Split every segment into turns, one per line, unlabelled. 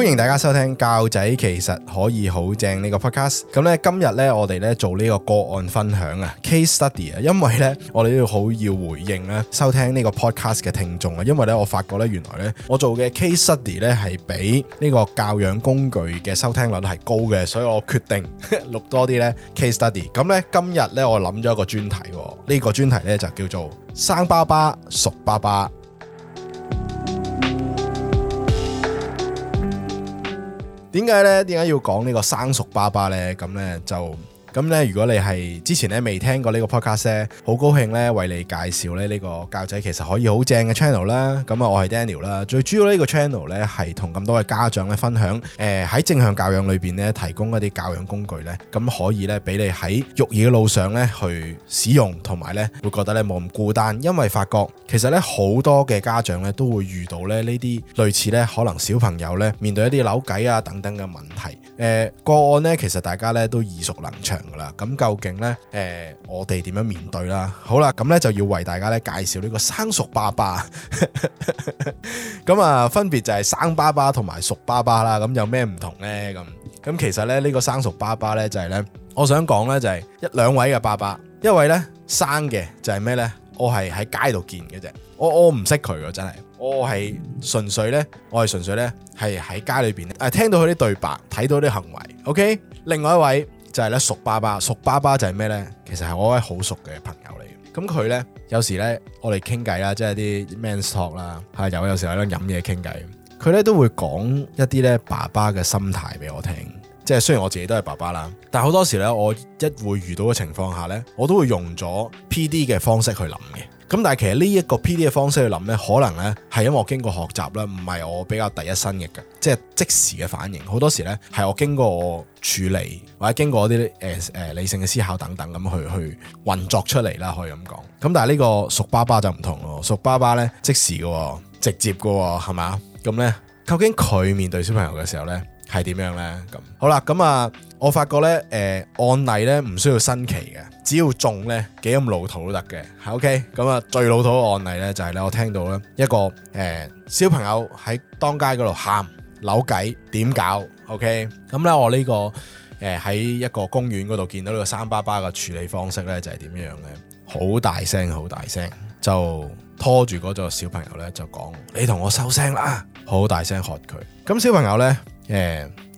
歡迎大家收聽教仔其實可以好正呢個 podcast。咁今日我哋做呢個個案分享啊，case study 啊。因為我哋都要好要回應收聽呢個 podcast 嘅聽眾啊。因為我發覺原來我做嘅 case study 咧，係比呢個教養工具嘅收聽率係高嘅，所以我決定錄多啲咧 case study。咁今日我諗咗一個專題，呢個專題呢就叫做生爸爸熟爸爸。點解咧？點解要講呢個生熟爸爸咧？咁咧就。咁咧，如果你係之前咧未聽過呢個 podcast 呢，好高興咧為你介紹咧呢個教仔其實可以好正嘅 channel 啦。咁啊，我係 Daniel 啦。最主要呢個 channel 咧係同咁多嘅家長咧分享，呃、喺正向教養裏面咧提供一啲教養工具咧，咁可以咧俾你喺育兒嘅路上咧去使用，同埋咧會覺得咧冇咁孤單，因為發覺其實咧好多嘅家長咧都會遇到咧呢啲類似咧可能小朋友咧面對一啲扭計啊等等嘅問題，誒、呃、個案咧其實大家咧都耳熟能詳。啦，咁究竟呢，誒、呃，我哋點樣面對啦？好啦，咁呢就要為大家呢介紹呢個生熟爸爸，咁啊，分別就係生爸爸同埋熟爸爸啦。咁有咩唔同呢？咁咁其實呢呢個生熟爸爸呢，就係、是、呢。我想講呢，就係一兩位嘅爸爸，一位呢，生嘅就係咩呢？我係喺街度見嘅啫，我我唔識佢嘅真係，我係純粹呢，我係純粹呢，係喺街裏邊誒聽到佢啲對白，睇到啲行為。OK，另外一位。就係、是、咧，熟爸爸，熟爸爸就係咩呢？其實係我一位好熟嘅朋友嚟。咁佢呢，有時呢，我哋傾偈啦，即係啲 m a n s talk 啦，係有有時候咧飲嘢傾偈。佢呢都會講一啲呢爸爸嘅心態俾我聽。即係雖然我自己都係爸爸啦，但好多時呢，我一會遇到嘅情況下呢，我都會用咗 P.D. 嘅方式去諗嘅。咁但係其實呢一個 P.D. 嘅方式去諗呢，可能呢係因為我經過學習啦，唔係我比較第一身嘅，即係即時嘅反應。好多時呢係我經過處理或者經過一啲誒誒理性嘅思考等等咁去去運作出嚟啦，可以咁講。咁但係呢個熟爸爸就唔同咯，熟爸爸呢，即時嘅，直接嘅係嘛？咁呢，究竟佢面對小朋友嘅時候呢係點樣呢？咁好啦，咁啊。我發覺咧、呃，案例咧唔需要新奇嘅，只要中咧幾咁老土都得嘅，OK。咁啊，最老土嘅案例咧就係咧，我聽到咧一個誒、呃、小朋友喺當街嗰度喊扭計點搞，OK、這個。咁咧我呢個喺一個公園嗰度見到呢個生爸爸嘅處理方式咧就係點樣嘅？好大聲，好大聲就拖住嗰個小朋友咧就講： 你同我收聲啦！好大聲喝佢。咁小朋友咧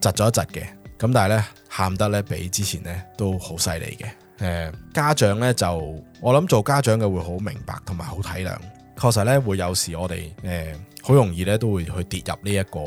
誒窒咗一窒嘅。咁但係咧喊得咧比之前咧都好犀利嘅，誒、呃、家長咧就我諗做家長嘅，會好明白同埋好體諒，確實咧會有時我哋誒好容易咧都會去跌入呢一個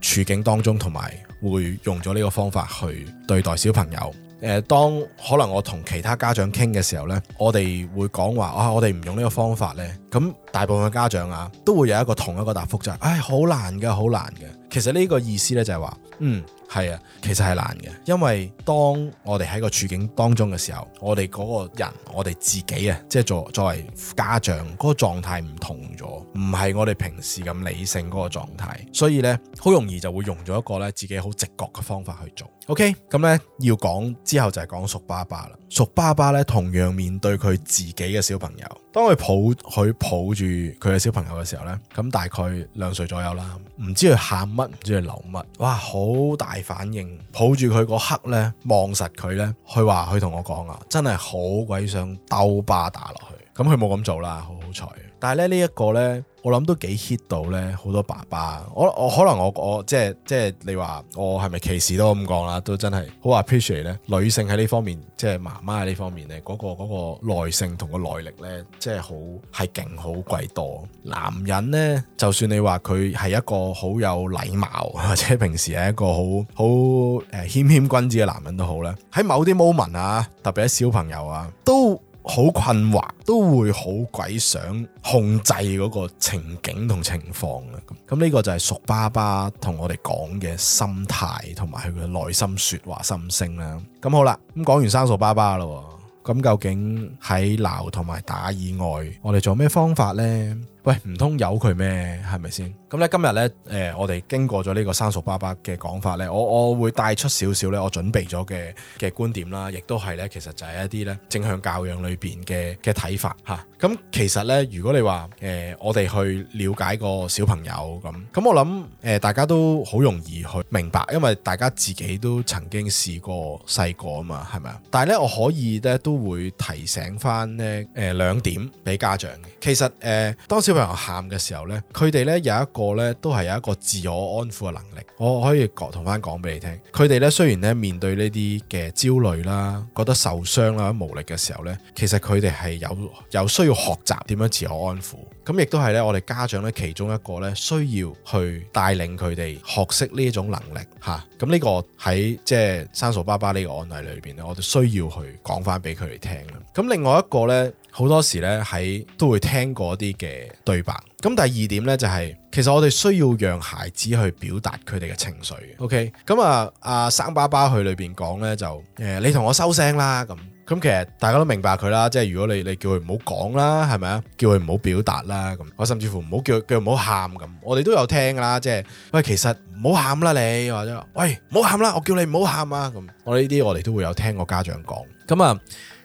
處境當中，同埋會用咗呢個方法去對待小朋友。誒、呃、當可能我同其他家長傾嘅時候咧，我哋會講話啊，我哋唔用呢個方法咧，咁大部分嘅家長啊都會有一個同一個答覆就係、是，唉、哎、好難嘅，好難嘅。其實呢個意思咧就係話，嗯。係啊，其實係難嘅，因為當我哋喺個處境當中嘅時候，我哋嗰個人，我哋自己啊，即係作作為家長嗰，那個狀態唔同咗，唔係我哋平時咁理性嗰個狀態，所以呢，好容易就會用咗一個呢自己好直覺嘅方法去做。OK，咁、嗯、呢，要講之後就係講熟爸爸啦，熟爸爸呢，同樣面對佢自己嘅小朋友，當佢抱佢抱住佢嘅小朋友嘅時候呢，咁大概兩歲左右啦，唔知佢喊乜，唔知佢流乜，哇，好大！反應抱住佢嗰刻咧，望實佢咧，佢話佢同我講啊，真係好鬼想兜巴打落去，咁佢冇咁做啦，好好彩，但係咧呢一個咧。我諗都幾 hit 到咧，好多爸爸，我我可能我我即係即係你話我係咪歧視都咁講啦，都真係好 appreciate 咧。女性喺呢方面，即係媽媽喺呢方面咧，嗰個嗰個耐性同個耐力咧，即係好係勁好鬼多。男人咧，就算你話佢係一個好有禮貌或者平時係一個好好誒謙謙君子嘅男人都好啦。喺某啲 moment 啊，特別係小朋友啊，都。好困惑，都會好鬼想控制嗰個情景同情況啦。咁呢個就係熟爸爸同我哋講嘅心態，同埋佢嘅內心說話心聲啦。咁好啦，咁講完生熟爸爸喎。咁究竟喺鬧同埋打以外，我哋做咩方法呢？喂，唔通有佢咩？係咪先？咁咧今日咧，誒、呃、我哋經過咗呢個生熟爸爸嘅講法咧，我我會帶出少少咧，我準備咗嘅嘅觀點啦，亦都係咧，其實就係一啲咧正向教養裏邊嘅嘅睇法吓，咁其實咧，如果你話誒、呃、我哋去了解個小朋友咁，咁我諗，誒大家都好容易去明白，因為大家自己都曾經試過細個啊嘛，係咪啊？但係咧，我可以咧都會提醒翻咧誒兩點俾家長嘅。其實誒、呃、當時。小朋友喊嘅時候呢，佢哋呢有一個呢都係有一個自我安撫嘅能力。我可以同翻講俾你聽，佢哋呢雖然呢面對呢啲嘅焦慮啦，覺得受傷啦、無力嘅時候呢，其實佢哋係有有需要學習點樣自我安撫。咁亦都係呢，我哋家長呢其中一個呢需要去帶領佢哋學識呢種能力吓。咁呢個喺即係生熟爸爸呢個案例裏邊呢，我哋需要去講翻俾佢哋聽，咁另外一個呢。好多時咧喺都會聽嗰啲嘅對白。咁第二點咧就係，其實我哋需要讓孩子去表達佢哋嘅情緒。OK，咁啊，阿生爸爸去裏邊講咧就，誒、欸，你同我收聲啦，咁咁其實大家都明白佢啦，即係如果你你叫佢唔好講啦，係咪啊？叫佢唔好表達啦，咁我甚至乎唔好叫佢叫唔好喊咁，我哋都有聽噶啦，即係喂，其實唔好喊啦你，或者喂唔好喊啦，我叫你唔好喊啊咁。我呢啲我哋都會有聽過家長講，咁啊。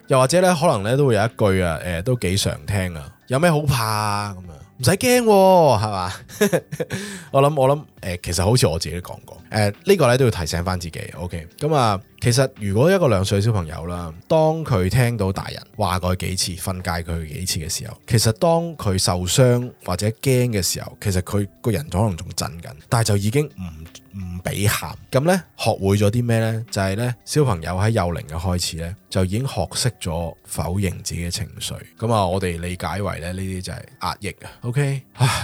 又或者咧，可能咧都會有一句啊，誒、呃，都幾常聽啊，有咩好怕啊？咁樣唔使驚，係嘛、哦？ 我諗我諗，誒、呃，其實好似我自己都講過，誒、呃，這個、呢個咧都要提醒翻自己。OK，咁啊，其實如果一個兩歲小朋友啦，當佢聽到大人話佢幾次，分解佢幾次嘅時候，其實當佢受傷或者驚嘅時候，其實佢個人可能仲震緊，但係就已經唔唔。比喊咁呢，學會咗啲咩呢？就係、是、呢，小朋友喺幼齡嘅開始呢，就已經學識咗否認自己嘅情緒。咁啊，我哋理解為咧，呢啲就係壓抑啊。OK，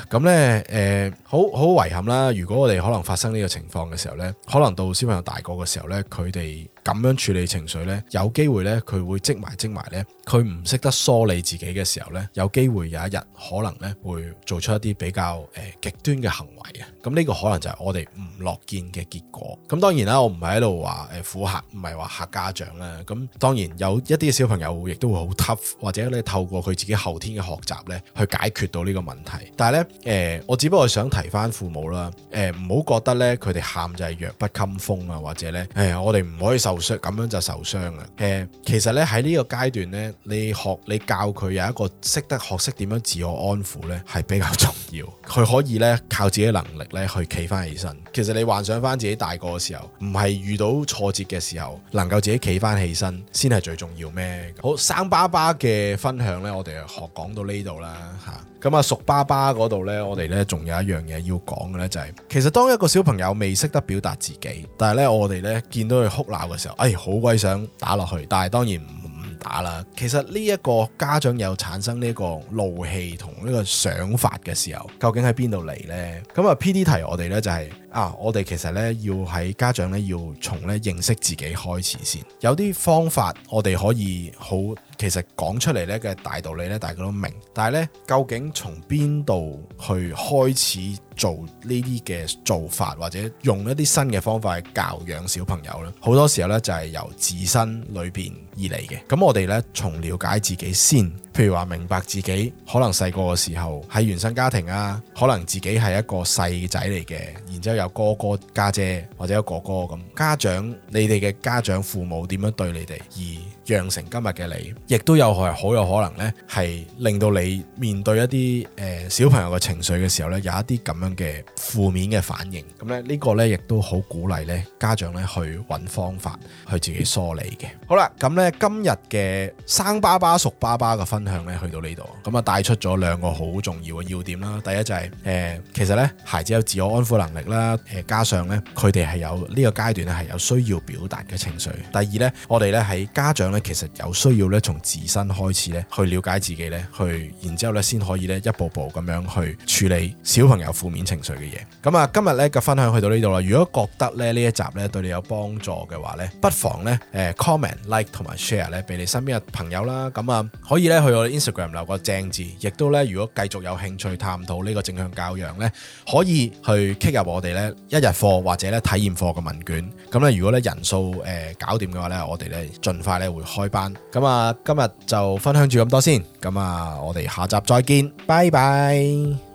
咁呢，誒、呃，好好遺憾啦。如果我哋可能發生呢個情況嘅時候呢，可能到小朋友大個嘅時候呢，佢哋咁樣處理情緒呢，有機會呢，佢會積埋積埋呢，佢唔識得梳理自己嘅時候呢，有機會有一日可能呢，會做出一啲比較誒極、呃、端嘅行為啊。咁呢個可能就係我哋唔樂見。嘅結果，咁當然啦，我唔係喺度話誒苦嚇，唔係話嚇家長啦。咁當然有一啲小朋友亦都會好 tough，或者咧透過佢自己後天嘅學習咧去解決到呢個問題。但係咧、呃、我只不過想提翻父母啦，唔、呃、好覺得咧佢哋喊就係弱不禁風啊，或者咧、呃、我哋唔可以受傷，咁樣就受傷啊、呃。其實咧，喺呢個階段咧，你學你教佢有一個識得學識點樣自我安撫咧，係比較重要。佢可以咧靠自己能力咧去企翻起身。其實你幻想翻自己大個嘅時候，唔係遇到挫折嘅時候，能夠自己企翻起身，先係最重要咩？好，生爸爸嘅分享呢，我哋學講到呢度啦，吓咁啊，熟爸爸嗰度呢，我哋呢仲有一樣嘢要講嘅呢，就係其實當一個小朋友未識得表達自己，但係呢，我哋呢見到佢哭鬧嘅時候，哎，好鬼想打落去，但係當然唔打啦。其實呢一個家長有產生呢個怒氣同呢個想法嘅時候，究竟喺邊度嚟呢？咁啊，PD 題我哋呢就係、是。啊！我哋其實咧要喺家長咧要從咧認識自己開始先，有啲方法我哋可以好，其實講出嚟咧嘅大道理咧，大家都明。但係咧，究竟從邊度去開始做呢啲嘅做法，或者用一啲新嘅方法去教養小朋友咧？好多時候咧就係、是、由自身裏面而嚟嘅。咁我哋咧從了解自己先，譬如話明白自己可能細個嘅時候喺原生家庭啊，可能自己係一個細仔嚟嘅，然之有哥哥，哥哥、家姐或者有哥哥咁，家長，你哋嘅家長父母點樣對你哋？而，養成今日嘅你，亦都有係好有可能咧，係令到你面對一啲誒小朋友嘅情緒嘅時候咧，有一啲咁樣嘅負面嘅反應。咁咧呢個咧亦都好鼓勵咧，家長咧去揾方法去自己梳理嘅。好啦，咁咧今日嘅生爸爸熟爸爸嘅分享咧，去到呢度，咁啊帶出咗兩個好重要嘅要點啦。第一就係誒，其實咧孩子有自我安撫能力啦，誒加上咧佢哋係有呢個階段咧係有需要表達嘅情緒。第二咧，我哋咧喺家長。其實有需要咧，從自身開始咧，去了解自己咧，去然之後咧，先可以咧，一步步咁樣去處理小朋友負面情緒嘅嘢。咁啊，今日咧嘅分享去到呢度啦。如果覺得咧呢一集咧對你有幫助嘅話咧，不妨咧誒 comment、like 同埋 share 咧俾你身邊嘅朋友啦。咁啊，可以咧去我 Instagram 留個正字。亦都咧，如果繼續有興趣探討呢個正向教養咧，可以去 kick 入我哋咧一日課或者咧體驗課嘅問卷。咁咧，如果咧人數誒搞掂嘅話咧，我哋咧盡快咧會。開班咁啊！今日就分享住咁多先，咁啊，我哋下集再見，拜拜。